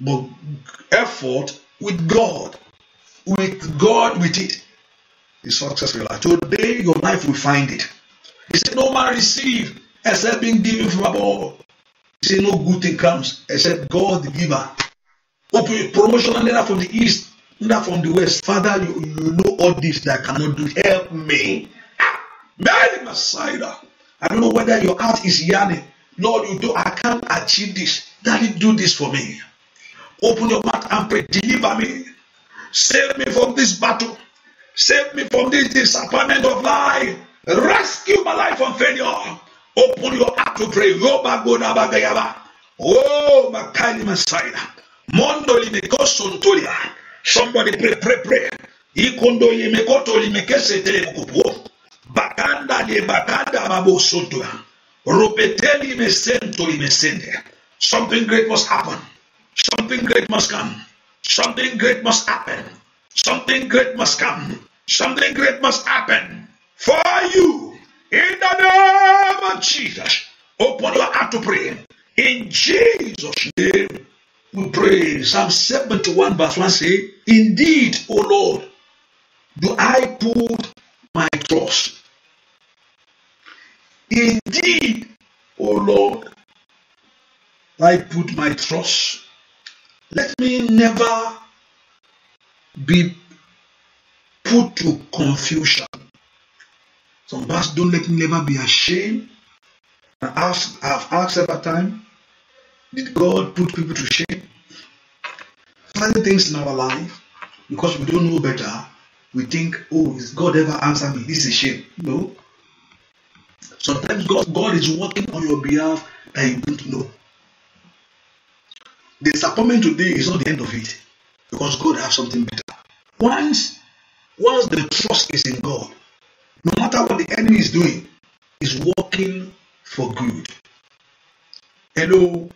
But effort with God, with God with it, is success in your life. Today your life will find it. He said, No man receive except being given from above. He said, No good thing comes except God the giver. Open promotion neither from the east, neither from the west. Father, you, you know all this that I cannot do. Help me. Mary Messiah. I don't know whether your heart is yearning Lord, you do, I can't achieve this. Daddy, do this for me. Open your mouth and pray. Deliver me. Save me from this battle. Save me from this disappointment of life. Rescue my life from failure. Open your heart to pray. Oh, my God, oh my limeko suntulia. Somebody pray, pray, pray. Ikondo yemekoto limekese telemukupu. Bakanda le bakanda babo suntulia. Something great must happen. Something great must come. Something great must happen. Something great must come. Something great must happen for you. In the name of Jesus. Open your heart to pray. In Jesus' name, we pray. Psalm 71, verse 1 say, Indeed, O Lord, do I put my trust. Indeed, O Lord, I put my trust. Let me never be put to confusion. Some pastors don't let me never be ashamed. I ask, I've asked several times, did God put people to shame? Find things in our life, because we don't know better, we think, oh, is God ever answer me? This is shame. No. Sometimes God, God is working on your behalf and you don't know. The disappointment today is not the end of it because God has something better. Once, once the trust is in God, no matter what the enemy is doing, is working for good. Hello,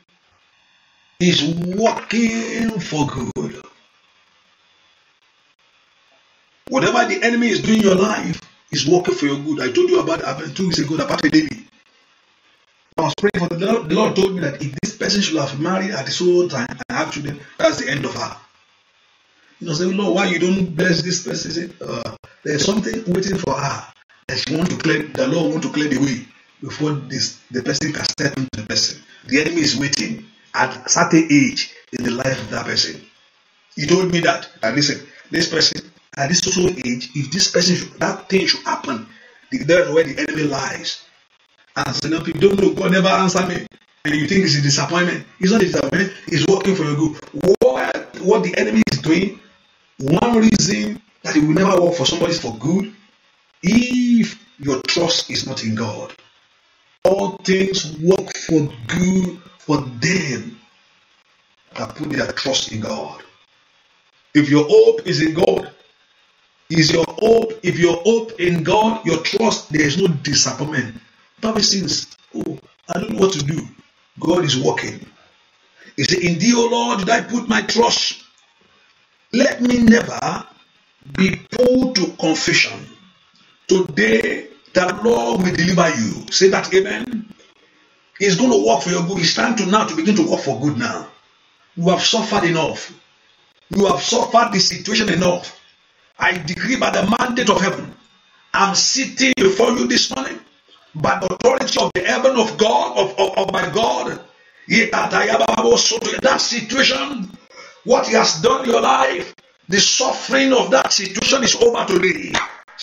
is working for good. Whatever the enemy is doing in your life, is working for your good. I told you about happened uh, two weeks ago About Pastor baby. I was praying for the Lord. The Lord told me that if this person should have married at this old time and have children, that's the end of her. You know, say, Lord, why you don't bless this person? Say, uh, there's something waiting for her that she want to clear. The Lord want to clear the way before this the person can step into the person. The enemy is waiting at a certain age in the life of that person. He told me that. And listen, this person at this social age, if this person that thing should happen, there's where the enemy lies. And so now people don't know God never answered me. And you think it's a disappointment. It's not a disappointment, it's working for your good. What, what the enemy is doing, one reason that it will never work for somebody is for good if your trust is not in God. All things work for good for them that put their trust in God. If your hope is in God, is your hope. If your hope in God, your trust, there is no disappointment. Bible says, "Oh, I don't know what to do. God is working." He said, "In Thee, O Lord, did I put my trust. Let me never be pulled to confession. Today, the Lord will deliver you." Say that, Amen. He's going to work for your good. It's time to now to begin to work for good now. You have suffered enough. You have suffered the situation enough. I decree by the mandate of heaven, I'm sitting before you this morning by the authority of the heaven of God, of, of, of my God. That situation, what He has done in your life, the suffering of that situation is over today.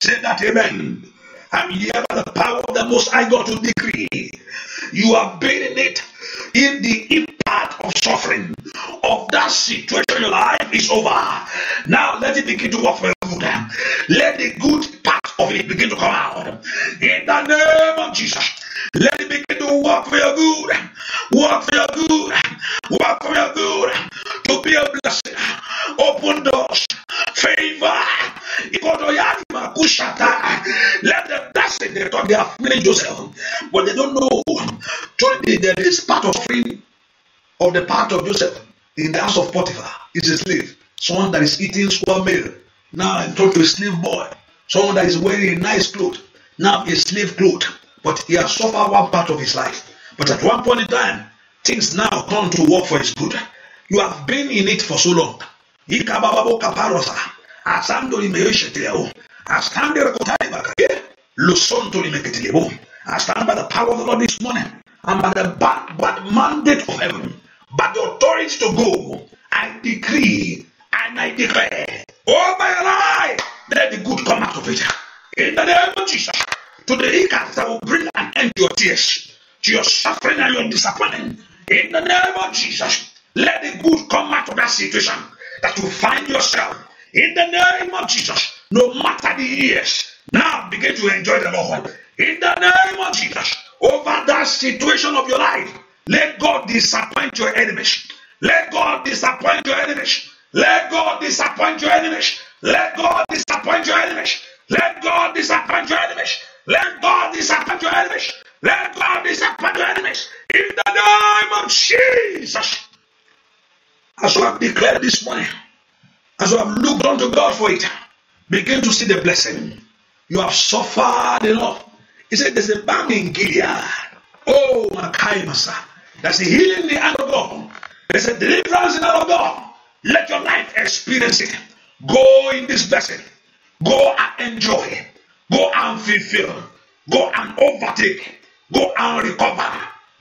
Say that, Amen. I'm here by the power of the Most High God to decree. You are bearing it in the impact of suffering of that situation in your life is over. Now let it begin to work for good. Let the good part of it begin to come out. In the name of Jesus. Let it begin to work for your good. Work for your good. Work for your good. To be a blessing. Open doors. Favor. Let the blessing they thought they are freeing Joseph. But they don't know. Truly, there is part of freeing of the part of Joseph in the house of Potiphar, is a slave. Someone that is eating square meal Now I am talking to a slave boy, someone that is wearing a nice cloth, now a slave cloth, but he has suffered one part of his life. But at one point in time, things now come to work for his good. You have been in it for so long. Eh? I stand by the power of the Lord this morning and by the bad, bad mandate of heaven, by the authority to go. I decree and I declare over your life, let the good come out of it. In the name of Jesus, to the hiccups that will bring an end to your tears, to your suffering and your disappointment. In the name of Jesus, let the good come out of that situation that you find yourself. In the name of Jesus, no matter the years, now begin to enjoy the Lord. In the name of Jesus, over that situation of your life, let God disappoint your enemies. Let God disappoint your enemies. Let God disappoint your enemies. Let God disappoint your enemies. Let God disappoint your enemies. Let God disappoint your enemies. Let God disappoint your enemies. In the name of Jesus. As we have declared this morning, as we have looked unto God for it, begin to see the blessing. You have suffered enough. He said, There's a balm in Gilead. Oh, my kindness. There's a healing in the hand of God. There's a deliverance in the hand of God. Let your life experience it. Go in this blessing. Go and enjoy. Go and fulfill. Go and overtake. Go and recover.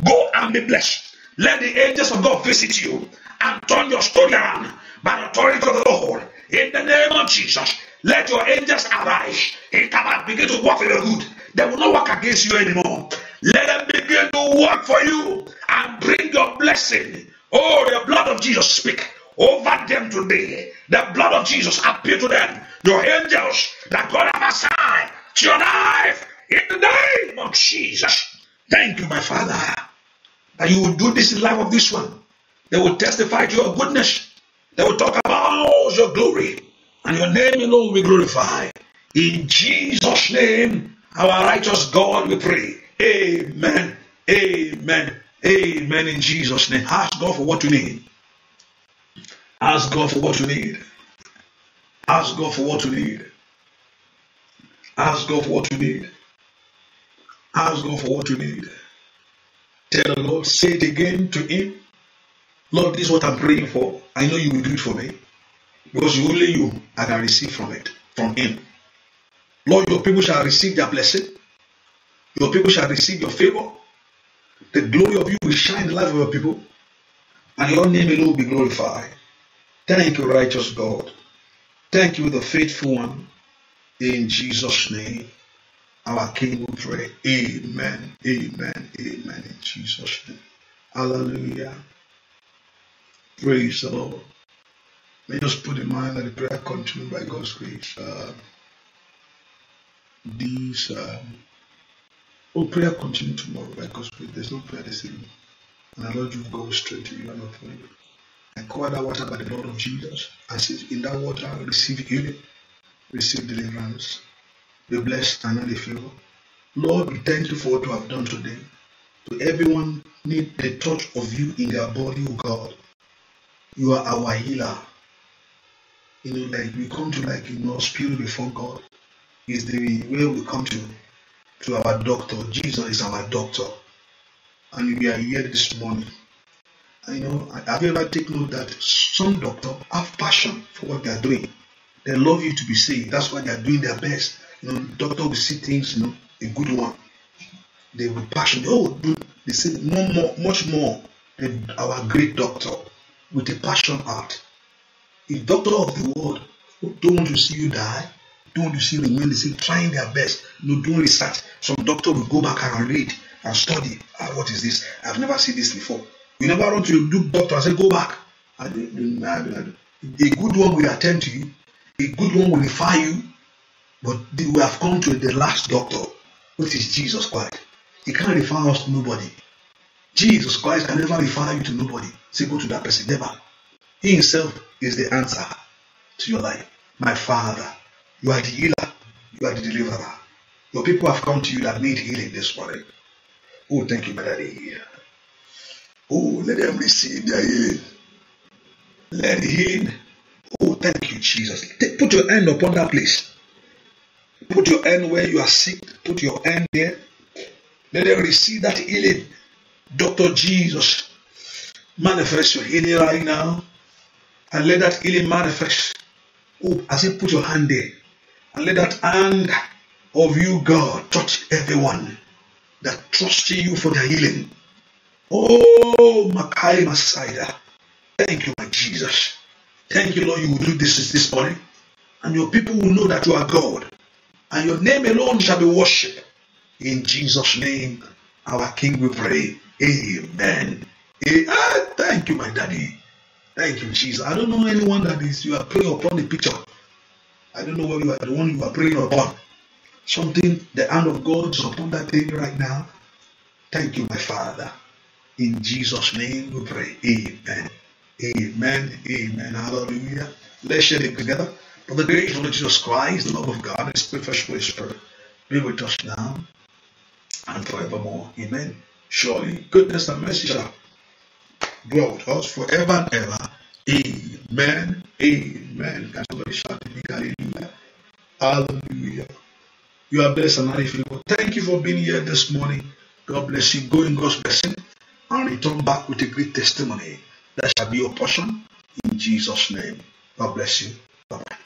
Go and be blessed. Let the angels of God visit you and turn your story around by the authority of the Lord. In the name of Jesus, let your angels arise. He come and begin to work for your good. They will not work against you anymore. Let them begin to work for you and bring your blessing. Oh, the blood of Jesus speak over them today. The blood of Jesus appear to them. Your angels that God have assigned to your life in the name of Jesus. Thank you, my Father, that you will do this in life of this one. They will testify to your goodness. They will talk about all your glory. And your name alone will be glorified. In Jesus' name, our righteous God, we pray. Amen. Amen. Amen. In Jesus' name. Ask God for what you need. Ask God for what you need. Ask God for what you need. Ask God for what you need. Ask God for what you need. Tell the Lord, say it again to Him. Lord, this is what I'm praying for. I know you will do it for me. Because only you I can receive from it, from Him. Lord, your people shall receive their blessing. Your people shall receive your favor. The glory of you will shine in the life of your people, and your name alone will be glorified. Thank you, righteous God. Thank you, the faithful one. In Jesus' name, our King will pray. Amen. Amen. Amen. In Jesus' name. Hallelujah. Praise the Lord. May just put in mind that the prayer continued by God's grace. Uh, these um, oh prayer continue tomorrow by God's grace. There's no prayer this evening. And I Lord, you go straight to you and not for you. I cover that water by the blood of Jesus. And sit in that water, receive healing, receive deliverance. Be blessed and not favor. Lord, we thank you for what you have done today. To everyone need the touch of you in their body, O God. You are our healer. You know, like we come to like you know spirit before God is the way we come to to our doctor. Jesus is our doctor. And we are here this morning you know, have you ever taken note that some doctors have passion for what they are doing? They love you to be saved. That's why they are doing their best. You know, doctor will see things, you know, a good one. They will passionate. Oh, do mm, they say more, more, much more than our great doctor with a passion heart. A doctor of the world don't want to see you die. Don't want to see remain the same. Trying their best. You no, know, doing research. Some doctor will go back and read and study. Ah, what is this? I've never seen this before. We never run to the doctor and say, Go back. A good one will attend to you, a good one will refer you, but we have come to the last doctor, which is Jesus Christ. He can't refer us to nobody. Jesus Christ can never refer you to nobody. Say, Go to that person. Never. He Himself is the answer to your life. My Father, you are the healer, you are the deliverer. Your people have come to you that need healing this morning. Oh, thank you, my daddy. Oh, let them receive their healing. Let healing. Oh, thank you, Jesus. put your hand upon that place. Put your hand where you are sick. Put your hand there. Let them receive that healing. Dr. Jesus, manifest your healing right now. And let that healing manifest. Oh, as you put your hand there. And let that hand of you, God, touch everyone that trusts you for their healing. Oh, Makai Messiah. Thank you, my Jesus. Thank you, Lord, you will do this this morning. And your people will know that you are God. And your name alone shall be worshipped. In Jesus' name, our King, we pray. Amen. Eh, Amen. Ah, thank you, my daddy. Thank you, Jesus. I don't know anyone that is you are praying upon the picture. I don't know where you are the one you are praying upon. Something the hand of God is upon that thing right now. Thank you, my Father. In Jesus' name we pray. Amen. Amen. Amen. Hallelujah. Let's share it together. For the grace of Jesus Christ, the love of God, and the perfect Holy Spirit be with us now and forevermore. Amen. Surely goodness and mercy shall dwell with us forever and ever. Amen. Amen. Can somebody shout to me? Hallelujah. Hallelujah. You are blessed and highly favored. Thank you for being here this morning. God bless you. Go in God's blessing. and return back with a great testimony. That shall be your portion in Jesus' name. God bless you. Bye bye.